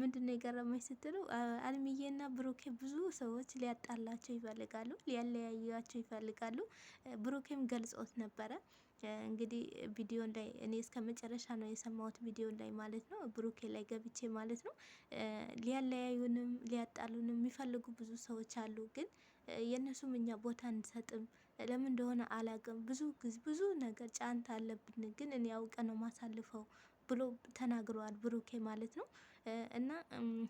ምንድን ምንድነው የገረመች ስትለው እና ብሩኬ ብዙ ሰዎች ሊያጣላቸው ይፈልጋሉ፣ ሊያለያያቸው ይፈልጋሉ። ብሩኬም ገልጾት ነበረ። እንግዲህ ቪዲዮ ላይ እኔ እስከ መጨረሻ ነው የሰማሁት፣ ቪዲዮ ላይ ማለት ነው፣ ብሩኬ ላይ ገብቼ ማለት ነው። ሊያለያዩንም ሊያጣሉንም የሚፈልጉ ብዙ ሰዎች አሉ፣ ግን የእነሱም እኛ ቦታ እንሰጥም ለምን እንደሆነ አላቅም። ብዙ ብዙ ነገር ጫንት አለብን፣ ግን እኔ አውቀ ነው ማሳልፈው ብሎ ተናግረዋል ብሩኬ ማለት ነው። እና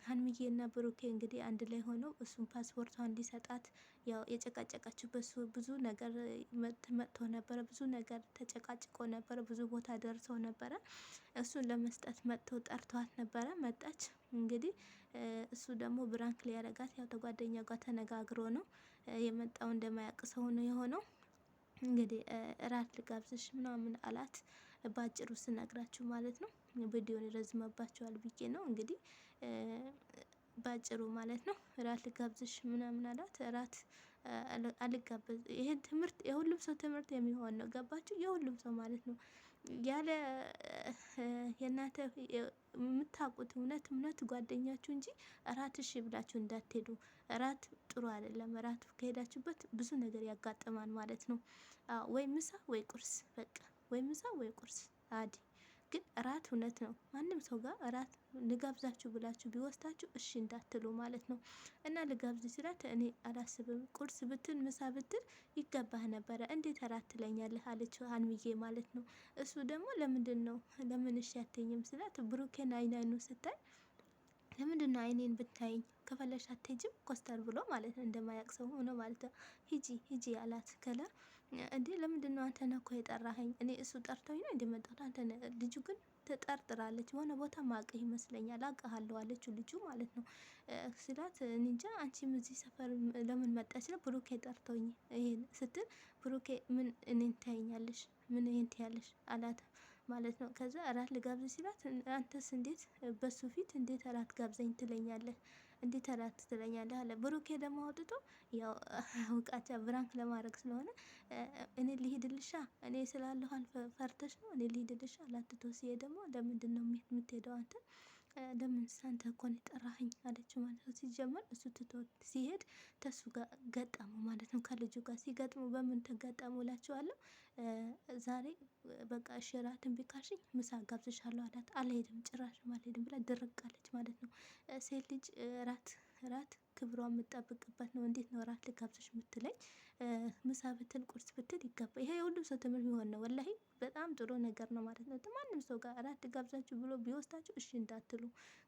ሀንሚዬ እና ብሩኬ እንግዲህ አንድ ላይ ሆነው እሱን ፓስፖርቷን እንዲሰጣት ያው የጨቃጨቃችው በሱ ብዙ ነገር መጥቶ ነበረ። ብዙ ነገር ተጨቃጭቆ ነበረ። ብዙ ቦታ ደርሰው ነበረ። እሱን ለመስጠት መጥቶ ጠርቷት ነበረ። መጣች እንግዲህ እሱ ደግሞ ብራንክ ሊያረጋት ያው ተጓደኛ ጋር ተነጋግሮ ነው የመጣው። እንደማያውቅ ሰው ነው የሆነው። እንግዲህ እራት ልጋብዝሽ ምናምን አላት። በአጭሩ ስነግራችሁ ማለት ነው። ቪዲዮን ይረዝመባቸዋል ብዬ ነው እንግዲህ በአጭሩ ማለት ነው። ራት ልጋብዝሽ ምናምን አላት። ራት አልጋበዝ። ይሄ ትምህርት የሁሉም ሰው ትምህርት የሚሆን ነው። ገባችሁ? የሁሉም ሰው ማለት ነው። ያለ የእናንተ የምታውቁት እውነት እውነት ጓደኛችሁ እንጂ እራት እሺ ብላችሁ እንዳትሄዱ። እራት ጥሩ አይደለም። እራት ከሄዳችሁበት ብዙ ነገር ያጋጥማል ማለት ነው። ወይ ምሳ ወይ ቁርስ በቃ ወይ ምሳ ወይ ቁርስ አዲ ግን እራት እውነት ነው። ማንም ሰው ጋር እራት ልጋብዛችሁ ብላችሁ ቢወስዳችሁ እሺ እንዳትሉ ማለት ነው። እና ልጋብዝ ሲላት እኔ አላስብም፣ ቁርስ ብትል ምሳ ብትል ይገባህ ነበረ፣ እንዴት እራት ትለኛለህ? አለችው ሀንሚዬ ማለት ነው። እሱ ደግሞ ለምንድን ነው ለምን እሺ አትይኝም ስላት ብሩኬን አይናይኑ ስታይ ለምንድን ነው አይኔን ብታይኝ ከፈለሽ አትሄጂም? ኮስተር ብሎ ማለት ነው እንደማያቅ ሰው ሆኖ ማለት ነው። ሂጂ ሂጂ አላት ከለር እንዴ ለምንድን ነው አንተ ነህ እኮ የጠራኸኝ? እኔ እሱ ጠርቶኝ ነው እንደመጣሁ አንተ ልጁ ግን ተጠርጥራለች። የሆነ ቦታ ማቅህ ይመስለኛል አቅሃለሁ አለችው ልጁ ማለት ነው። ስላት እንጃ አንቺም እዚህ ሰፈር ለምን መጣች ነው ብሩኬ ጠርቶኝ ይሄን ስትል ብሩኬ ምን እኔን ታይኛለሽ? ምን ይሄን ትያለሽ? አላት ማለት ነው። ከዛ እራት ልጋብዝ ሲላት አንተስ እንዴት በሱ ፊት እንዴት እራት ጋብዘኝ ትለኛለህ? እንዴት እራት ትለኛለህ? አለ ብሩኬ ደግሞ አውጥቶ ያው አውቃቻ ብራንክ ለማድረግ ስለሆነ እኔ ልሂድልሻ፣ እኔ ስላለሁ ፈርተሽ ነው፣ እኔ ልሂድልሻ ላትቶ ሲሄ ደግሞ ለምንድን ነው የምትሄደው አንተ ለምን አንተ እኮ ነው የጠራኸኝ አለችው ማለት ነው። ሲጀመር እሱ ትቶ ሲሄድ ተሱ ጋር ገጠሙ ማለት ነው። ከልጁ ጋር ሲገጥሙ በምን ተጋጠሙ እላችኋለሁ። ዛሬ በቃ እሺ እራት ካልሽኝ ምሳ ጋብዝሻለሁ አላት። አልሄድም ጭራሽም አልሄድም ብላ ድርቅ ማለት ነው። ሴት ልጅ እራት እራት ክብሯ የምጠብቅበት ነው። እንዴት ነው እራት ልጋብዝሽ የምትለኝ? ምሳ ብትል ቁርስ ብትል ይገባ። ይሄ የሁሉም ሰው ትምህርት የሚሆን ነው። ወላሂ በጣም ጥሩ ነገር ነው ማለት ነው። ማንም ሰው ጋር እራት ልጋብዛችሁ ብሎ ቢወስዳችሁ እሺ እንዳትሉ፣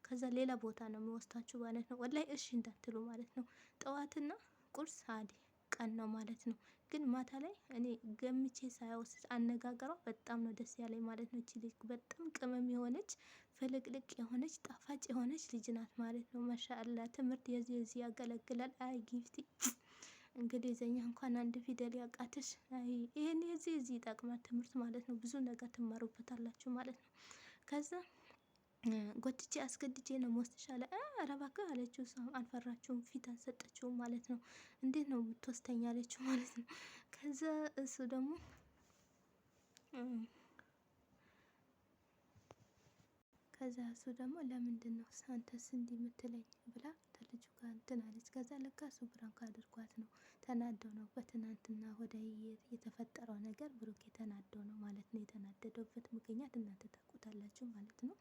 ከዛ ሌላ ቦታ ነው የሚወስዳችሁ ማለት ነው። ወላሂ እሺ እንዳትሉ ማለት ነው። ጠዋትና ቁርስ አዲ ቀን ነው ማለት ነው። ግን ማታ ላይ እኔ ገምቼ ሳያወስድ አነጋገሯ በጣም ነው ደስ ያለኝ ማለት ነው። እቺ ልጅ በጣም ቅመም የሆነች ፍልቅልቅ የሆነች ጣፋጭ የሆነች ልጅ ናት ማለት ነው። ማሻአላ ትምህርት የዚህ የዚህ ያገለግላል። አይ ጊፍቲ እንግሊዘኛ እንኳን አንድ ፊደል ያቃተሽ፣ ይህን የዚህ የዚህ ይጠቅማል ትምህርት ማለት ነው። ብዙ ነገር ትማሩበታላችሁ ማለት ነው። ከዛ ጎትቼ አስገድጄ ነው መወስድሽ አለ። ኧረ እባክህ አለችው። አልፈራችውም፣ ፊት አልሰጠችውም ማለት ነው። እንዴት ነው ብትወስደኝ አለችው ማለት ነው። ከዛ እሱ ደግሞ ከዛ እሱ ደግሞ ለምንድን ነው አንተስ እንዲህ የምትለኝ ብላ ከልጁ ጋር እንትን አለች። ከዛ ለካ እሱ ብራንክ አድርጓት ነው ተናደው ነው በትናንትና ወደ የተፈጠረው ነገር ብሩክ የተናደው ነው ማለት ነው። የተናደደበት ምክንያት እናንተ ታውቁታላችሁ ማለት ነው።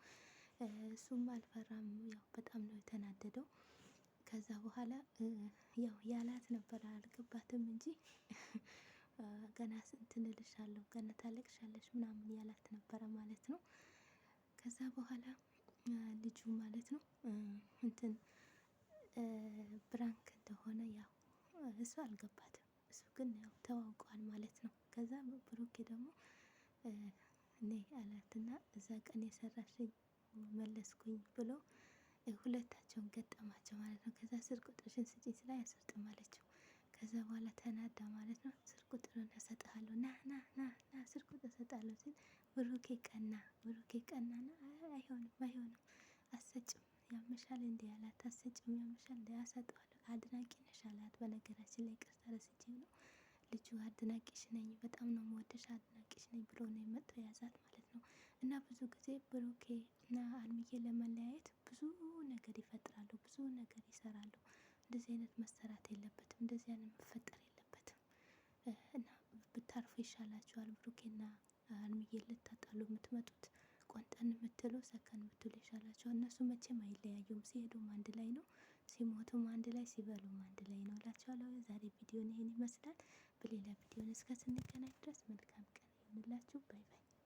እሱም አልፈራም። ያው በጣም ነው የተናደደው። ከዛ በኋላ ያው ያላት ነበረ አልገባትም እንጂ ገና እንትን እልሻለሁ ገና ታለቅሻለሽ ምናምን ያላት ነበረ ማለት ነው። ከዛ በኋላ ልጁ ማለት ነው እንትን ብራንክ እንደሆነ ያው እሱ አልገባትም። እሱ ግን ያው ተዋውቀዋል ማለት ነው። ከዛ ብሩኬ ደግሞ እኔ አላትና እዛ ቀን የሰራሽኝ መለስኩኝ ብሎ ሁለታቸውን ገጠማቸው ማለት ነው። ከዛ ስር ቁጥርሽን ስጪኝ ስላ አልሰጥም አለችው። ከዛ በኋላ ተናዳ ማለት ነው ስር ቁጥሩን እሰጥሃለሁ ና ና ና ና ስር ቁጥር እሰጣለሁ ሲል ብሩኬ ቀና ብሩኬ ቀና ና አይሆንም አይሆንም አሰጭም ያመሻል እንዲ አላት። አሰጭም ያመሻል እንዲ አሰጠዋለሁ አድናቂ ነሽ አላት። በነገራችን ላይ ቅርታ ረስቼ ነው ልጁ አድናቂሽ ነኝ በጣም ነው የምወድሽ አድናቂሽ ነኝ ብሎ ነው የመጣው ያዛት እና ብዙ ጊዜ ብሩኬ እና ሀይሚዬ ለመለያየት ብዙ ነገር ይፈጥራሉ፣ ብዙ ነገር ይሰራሉ። እንደዚህ አይነት መሰራት የለበትም፣ እንደዚህ አይነት መፈጠር የለበትም እና ብታርፉ ይሻላችኋል። ብሩኬና ሀይሚዬ ልታጣሉ የምትመጡት ቆንጠን የምትሉ ሰከን የምትሉ ይሻላችኋል። እነሱ መቼም አይለያዩም። ሲሄዱም አንድ ላይ ነው፣ ሲሞቱም አንድ ላይ፣ ሲበሉም አንድ ላይ ነው እላችኋለሁ። ዛሬ ቪዲዮን ይህን ይመስላል። በሌላ ቪዲዮን እስከ ስንገናኝ ድረስ መልካም ቀን ይሁንላችሁ። ባይ ባይ።